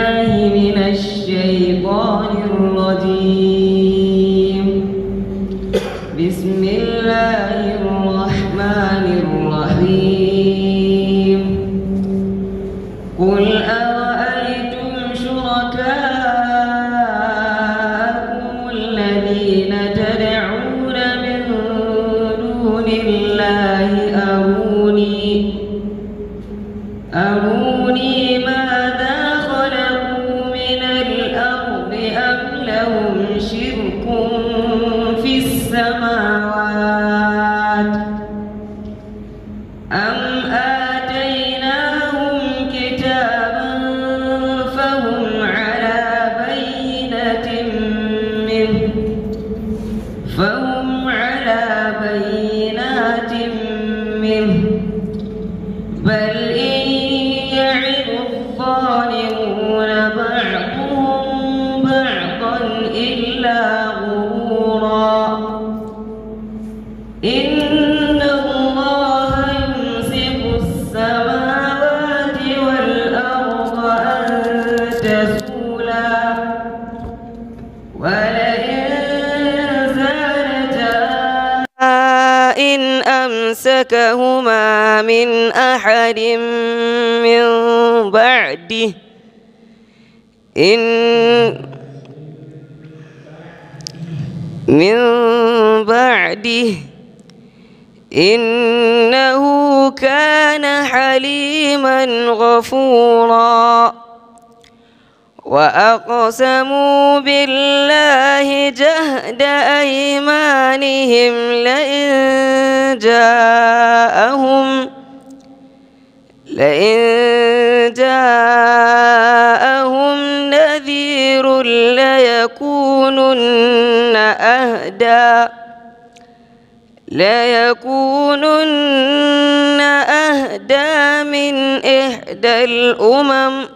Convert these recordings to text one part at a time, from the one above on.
من الشيطان cirurgia إن أمسكهما من أحد من بعده إن من بعده إنه كان حليما غفورا وأقسموا بالله جهد أيمانهم لئن جاءهم لئن جاءهم نذير ليكونن أهدى ليكونن أهدى من إحدى الأمم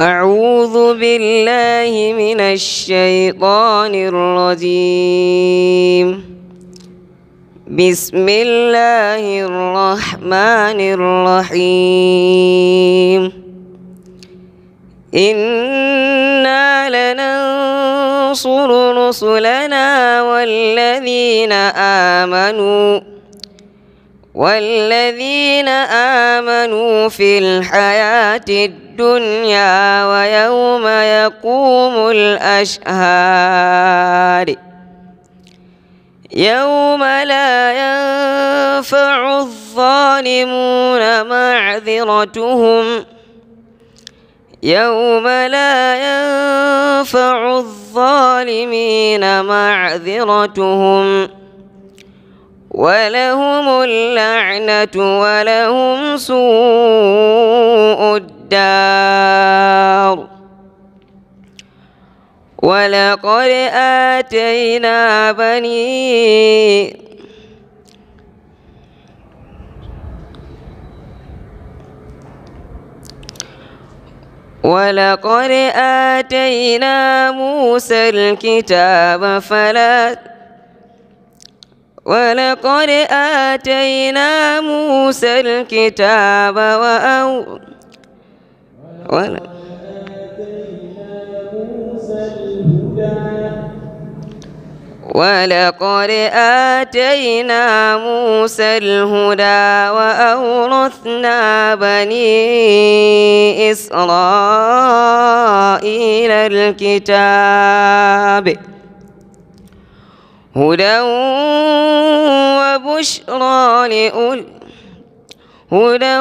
أعوذ بالله من الشيطان الرجيم بسم الله الرحمن الرحيم إنا لننصر رسلنا والذين آمنوا والذين آمنوا في الحياة الدنيا ويوم يقوم الأشهار يوم لا ينفع الظالمون معذرتهم يوم لا ينفع الظالمين معذرتهم ولهم اللعنة ولهم سوء الدار ولقد آتينا بني ولقد آتينا موسى الكتاب فلا ولقد آتينا موسى الكتاب وأو الكتاب ولقد آتينا موسى الهدى وأورثنا بني إسرائيل الكتاب هدى وبشرى لأولي هدى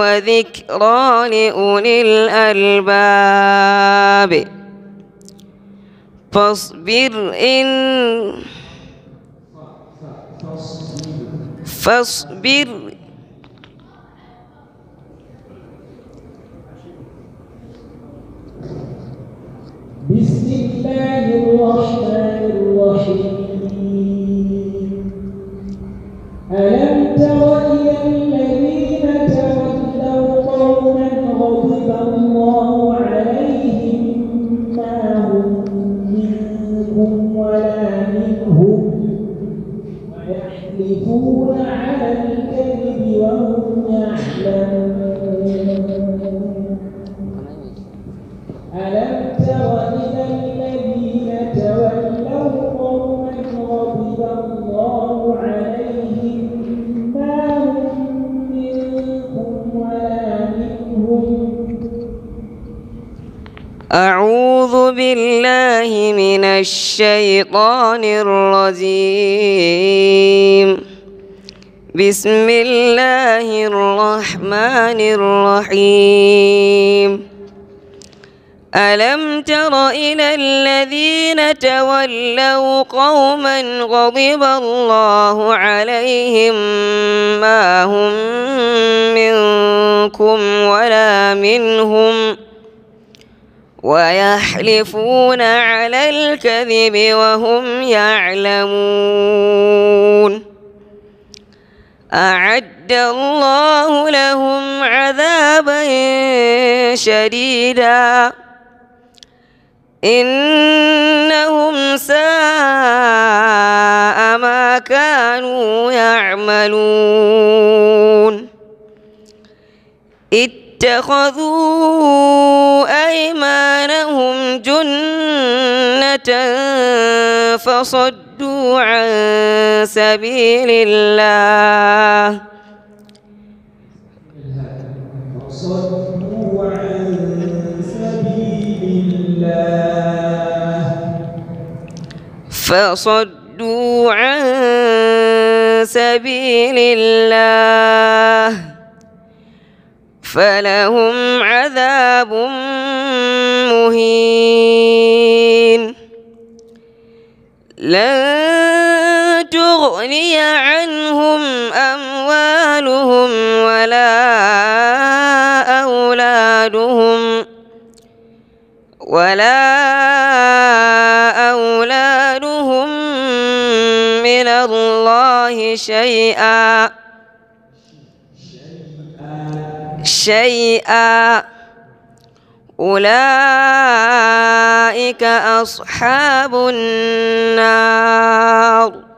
وذكرى لأولي الألباب فاصبر إن فاصبر يحلفون على الكذب وهم يعلمون ألم تر إلى الذين تولوا قوما غضب الله عليهم ما هم منكم ولا منهم أعوذ بالله من الشيطان الرجيم بسم الله الرحمن الرحيم ألم تر إلى الذين تولوا قوما غضب الله عليهم ما هم منكم ولا منهم ويحلفون على الكذب وهم يعلمون أعد الله لهم عذابا شديدا إنهم ساء ما كانوا يعملون اتخذوا أيمانهم جنة فصدوا عن سبيل الله فصدوا عن سبيل الله فلهم عذاب مهين لن تغني عنهم أموالهم ولا أولادهم ولا أولادهم من الله شيئا شيئا أولئك أصحاب النار